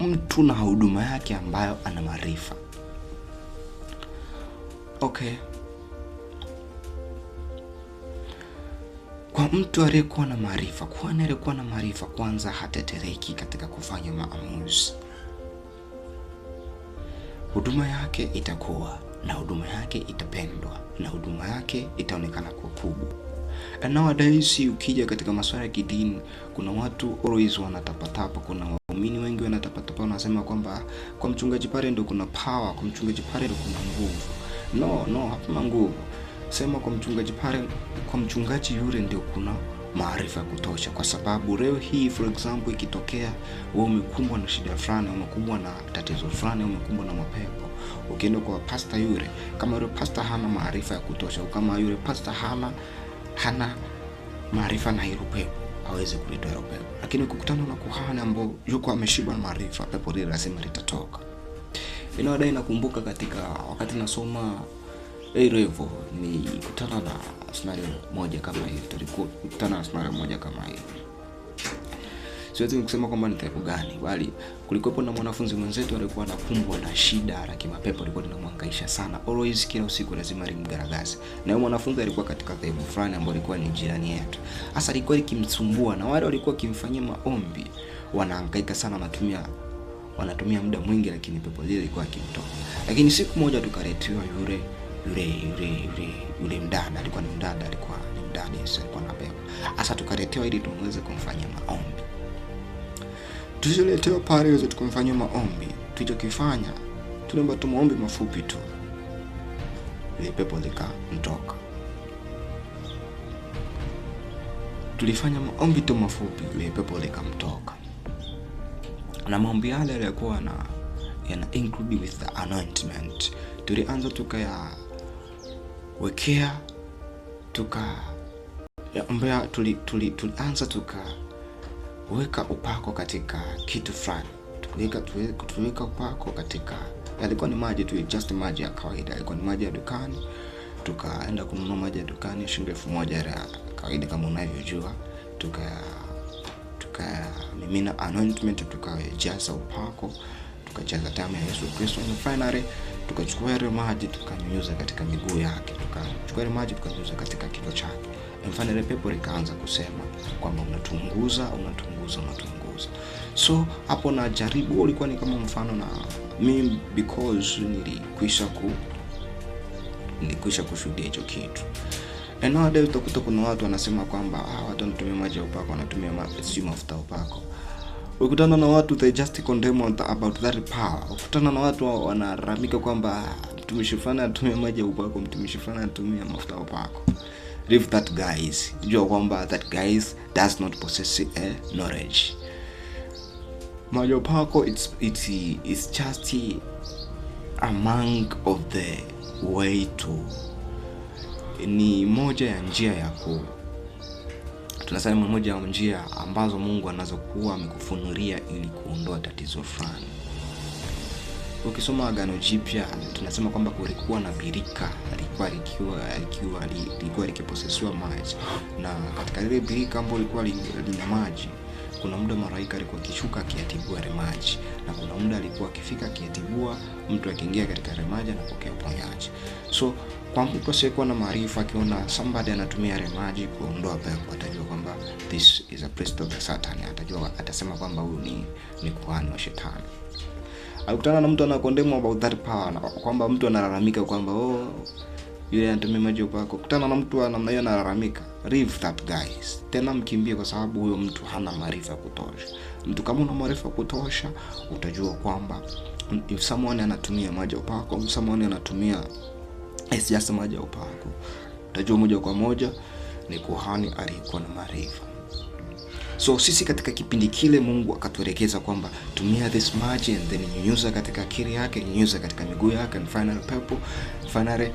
mtu na huduma yake ambayo ana maarifa okay kwa mtu aliyekuwa na maarifa kwani aliyekuwa na maarifa kwanza hatetereki katika kufanya maamuzi huduma yake itakuwa na huduma yake itapendwa na huduma yake itaonekana kwa kubwa nowadays ukija katika masuala ya kidini kuna watu always wanatapatapa kuna waumini wengi wanatapatapa, wanasema kwamba kwa mchungaji pale ndo kuna power, kwa mchungaji pale ndo kuna nguvu. No, no, hapana nguvu. Sema kwa mchungaji pale, kwa mchungaji yule ndio kuna maarifa ya kutosha, kwa sababu leo hii for example, ikitokea wewe umekumbwa na shida fulani, umekumbwa na tatizo fulani, umekumbwa na mapepo, ukienda kwa pasta yule, kama yule pasta hana maarifa ya kutosha, kama yule pasta hana hana maarifa na hilo pepo aweze kulitoa hilo pepo. Lakini ukikutana na kuhani ambao yuko ameshiba na maarifa, pepo lile lazima litatoka. Inawadai nakumbuka katika wakati nasoma Erevo eh, kutana na sinario moja kama hili tulikutana na sinario moja kama hili siwezi kusema kwamba ni dhaifu gani, bali kulikuwepo na mwanafunzi mwenzetu alikuwa anakumbwa na shida la kimapepo, alikuwa linamhangaisha sana always, kila usiku lazima alimgaragaze, na yule mwanafunzi alikuwa katika dhaifu fulani ambayo alikuwa ni jirani yetu, hasa alikuwa likimsumbua, na wale walikuwa wakimfanyia maombi wanahangaika sana, wanatumia wanatumia muda mwingi, lakini pepo lile lilikuwa akimtoka. Lakini siku moja tukaletewa yule yule yule yule yule mdada, alikuwa ni mdada, alikuwa ni mdada, Yesu alikuwa na pepo hasa. Tukaletewa ili tumweze kumfanyia maombi tusiletewe pale iweze tukumfanyia maombi. Tulichokifanya tuliomba tu maombi mafupi tu, ile pepo likamtoka. Tulifanya maombi tu mafupi, ile pepo likamtoka, na maombi yale yalikuwa na yana include with the anointment. Tulianza tukayawekea tuka ya mbea, tuli, tuli, tulianza tuka weka upako katika kitu fulani, tuliweka upako katika, yalikuwa ni maji tu, just maji ya kawaida, alikuwa ni maji ya dukani. Tukaenda kununua maji ya dukani shilingi elfu moja ya kawaida kama unavyojua, tuka tuka mimina anointment, tukajaza upako tukacheza tama ya Yesu Kristo na finally tukachukua ile maji tukanyunyuza katika miguu yake, tukachukua ile maji tukanyunyuza katika kichwa chake. Mfano ile pepo likaanza kusema kwamba unatunguza, unatunguza, unatunguza. So hapo na jaribu ulikuwa ni kama mfano na mimi because nilikwisha ku nilikwisha kushuhudia hicho kitu. And nowadays utakuta kuna watu wanasema kwamba ah, watu wanatumia maji ya upako, wanatumia ma, si mafuta ya upako ukutana na watu they just condemn about that power. Ukutana na watu wanaramika kwamba ah, mtumishi fulani anatumia maji ya upako, mtumishi fulani anatumia mafuta ya upako. Leave that guys, jua kwamba that guys does not possess a eh, knowledge. Maji ya upako it's, it's, it's just monk of the way to, ni moja ya njia ya kuu tunasema moja ya njia ambazo Mungu anazokuwa amekufunulia ili kuondoa tatizo fulani. Ukisoma Agano Jipya tunasema kwamba kulikuwa na birika alikuwa likiwa lilikuwa likiposesiwa maji, na katika lile birika ambao ilikuwa lina maji, kuna muda maraika alikuwa akishuka akiatibua ile maji, kuna muda alikuwa akifika akiatibua mtu akiingia katika remaja na pokea uponyaji. So kwa mtu asiyekuwa na maarifa, akiona somebody anatumia remaji kuondoa pepo, atajua kwamba this is a priest of the Satan, atajua atasema kwamba huyu ni ni kuhani wa shetani. Alikutana na mtu anakondemu about that power, na kwamba mtu analalamika kwamba oh yule anatumia maji upako. Kutana na mtu namna hiyo analalamika, leave that guys, tena mkimbie, kwa sababu huyo mtu hana maarifa kutosha mtu kama una maarifa ya kutosha utajua kwamba if someone anatumia maji ya upako someone anatumia siasa maji ya upako utajua moja kwa moja ni kuhani aliyekuwa na maarifa so sisi katika kipindi kile mungu akatuelekeza kwamba tumia this maji and then nyunyuza katika akili yake nyunyuza katika miguu yake and final pepo finally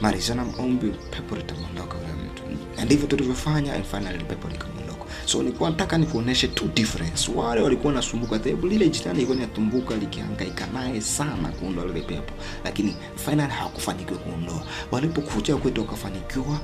marizana maombi pepo litamwondoka yule mtu ndivyo tulivyofanya and finally pepo likamwondoka So nilikuwa nataka nikuoneshe two difference. Wale walikuwa nasumbuka tebu lile jitani ilikuwa inatumbuka likihangaika naye sana kuondoa lile pepo, lakini final hawakufanikiwa kuondoa. Walipokuja kwetu wakafanikiwa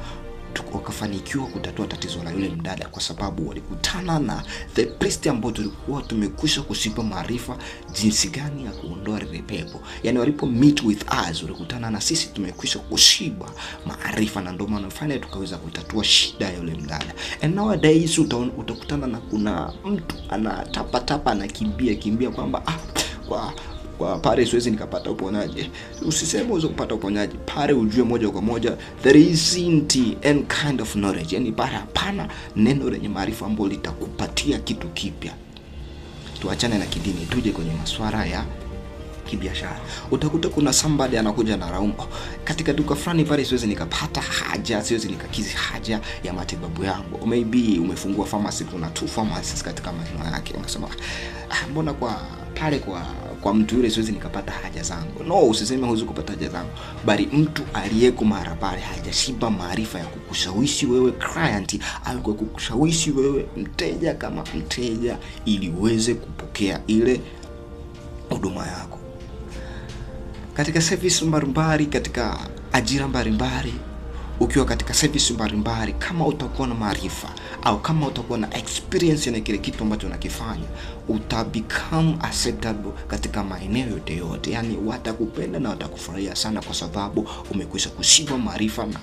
wakafanikiwa kutatua tatizo la yule mdada, kwa sababu walikutana na the priest ambao tulikuwa tumekwisha kusipa maarifa jinsi gani ya kuondoa lile pepo. Yani walipo meet with us, walikutana na sisi tumekwisha kushiba maarifa, na ndio maana fanya tukaweza kutatua shida ya yule mdada. And nowadays utakutana na kuna mtu anatapatapa anakimbia kimbia kwamba ah, kwa pare siwezi nikapata uponyaji. Usiseme uweze kupata uponyaji pare, ujue moja kwa moja there isn't any kind of knowledge, yani pare hapana neno lenye maarifa ambayo litakupatia kitu kipya. Tuachane na kidini, tuje kwenye masuala ya kibiashara. Utakuta kuna somebody anakuja na raumu katika duka fulani pale, siwezi nikapata haja, siwezi nikakizi haja ya matibabu yangu. Maybe umefungua pharmacy, kuna two pharmacies katika maeneo yake, unasema ah, mbona kwa pale kwa kwa mtu yule, siwezi nikapata haja zangu. No, usiseme huwezi kupata haja zangu, bali mtu aliyeko mahali pale hajashiba maarifa ya kukushawishi wewe client au kwa kukushawishi wewe mteja kama mteja, ili uweze kupokea ile huduma yako katika service mbalimbali, katika ajira mbalimbali ukiwa katika service mbalimbali, kama utakuwa na maarifa au kama utakuwa na experience na kile kitu ambacho unakifanya, uta become acceptable katika maeneo yote yote, yani watakupenda na watakufurahia sana, kwa sababu umekwisha kushibwa maarifa na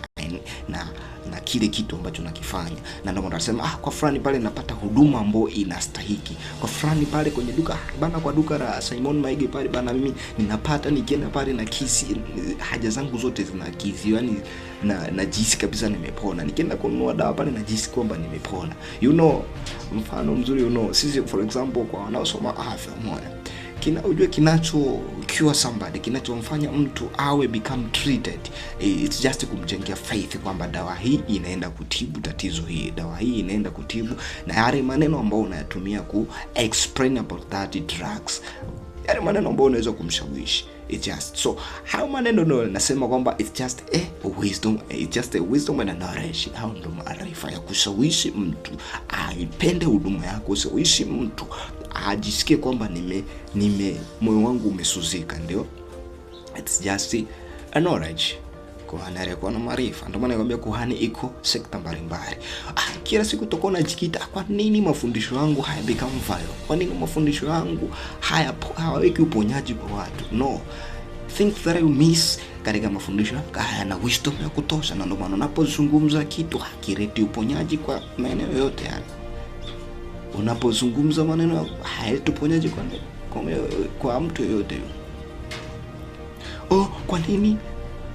na na kile kitu ambacho nakifanya, na ndio nasema ah, kwa fulani pale napata huduma ambayo inastahiki, kwa fulani pale kwenye duka ah, bana, kwa duka la Simon Maige pale bana, mimi ninapata nikienda pale na kisi haja zangu zote zinakizi, yani na jisi kabisa nimepona. Nikienda kununua dawa pale jisi kwamba nimepona, you know. Mfano mzuri you know, sisi for example kwa wanaosoma afya moja kina, ujue kinacho cure somebody kinachomfanya mtu awe become treated eh, it's just kumjengea faith kwamba dawa hii inaenda kutibu tatizo hii, dawa hii inaenda kutibu, na yale maneno ambayo unayatumia ku explain about that drugs, yale maneno ambayo unaweza kumshawishi It's just so hayo maneno ndio nasema kwamba it's just a wisdom, it's just a wisdom and a knowledge. Hayo ndo maarifa ya kushawishi mtu aipende huduma yako, ushawishi mtu ajisikie kwamba nime nime moyo wangu umesuzika, ndio it's just a knowledge kuhani aliyekuwa na maarifa. Ndio maana nikwambia kuhani iko sekta mbalimbali. Ah, kila siku tutakuwa najikita ah, kwa nini mafundisho yangu haya become viral? Kwa nini mafundisho yangu haya hawaweki uponyaji kwa watu? No. Things that you miss katika mafundisho haya na wisdom ya kutosha, na ndio maana unapozungumza kitu hakireti uponyaji kwa maeneo yote yale unapozungumza maneno hayatuponyaje kwa, kwa, kwa mtu yoyote yule. Oh, kwa nini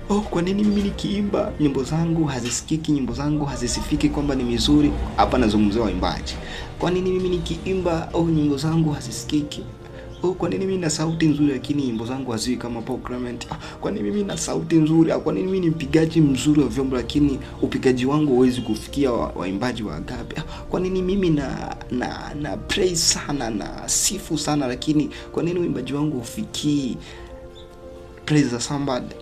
oh, kwa nini mimi nikiimba nyimbo zangu hazisikiki, nyimbo zangu hazisifiki kwamba ni mizuri? Hapa nazungumzia waimbaji. Kwa nini mimi nikiimba oh, nyimbo zangu hazisikiki? oh, kwa nini mimi na sauti nzuri lakini nyimbo zangu haziwi kama Paul Clement? Ah, kwa nini mimi na sauti nzuri? Ah, kwa nini mimi ni mpigaji mzuri wa vyombo lakini upigaji wangu huwezi kufikia waimbaji wa, wa agape? Ah, kwa nini mimi na na na praise sana na sifu sana lakini kwa nini uimbaji wangu hufikii praise somebody?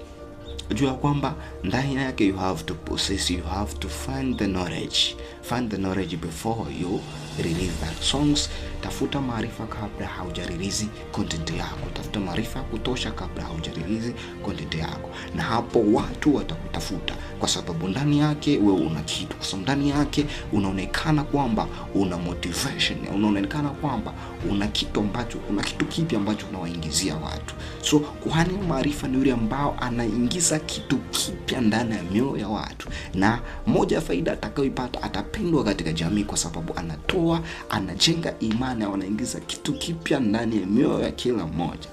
jua kwamba ndani yake you have to possess you have to find the knowledge find the knowledge before you release that songs tafuta maarifa kabla haujarilizi content yako tafuta maarifa ya kutosha kabla haujarilizi content yako na hapo watu watakutafuta kwa sababu ndani yake wewe una kitu kwa sababu ndani yake unaonekana kwamba una motivation unaonekana kwamba una kitu ambacho una kitu kipi ambacho unawaingizia watu. So kuhani maarifa ni yule ambao anaingiza kitu kipya ndani ya mioyo ya watu, na moja ya faida atakayoipata, atapendwa katika jamii, kwa sababu anatoa, anajenga imani, anaingiza kitu kipya ndani ya mioyo ya kila mmoja.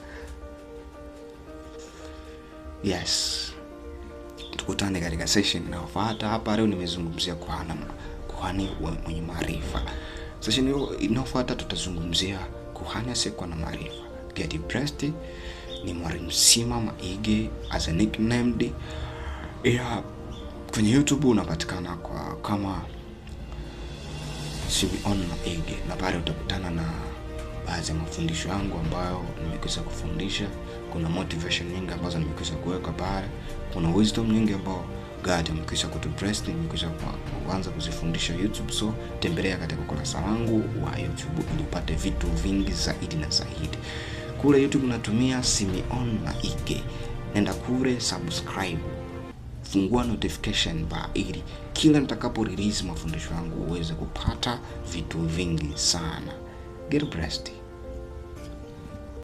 Yes, tukutane katika session inayofuata. Hapa leo nimezungumzia kuhani, kuhani mwenye maarifa. Sesheni inayofuata tutazungumzia kuhani asiyekuwa na maarifa, get Ni mwarimsima Sima Maige as a nicknamed. Yeah, kwenye YouTube unapatikana kwa kama Simeon Maige, na pale utakutana na baadhi ya mafundisho yangu ambayo nimekuza kufundisha. Kuna motivation nyingi ambazo nimekuza kuweka pale, kuna wisdom nyingi ambayo God amekwisha kutubless, nimekwisha kuanza kuzifundisha YouTube, so tembelea katika ukurasa wangu wa YouTube ili upate vitu vingi zaidi na zaidi. Kule YouTube natumia Simeon Maige, nenda kule subscribe fungua notification ba ili kila nitakapo release mafundisho yangu uweze kupata vitu vingi sana. Get blessed.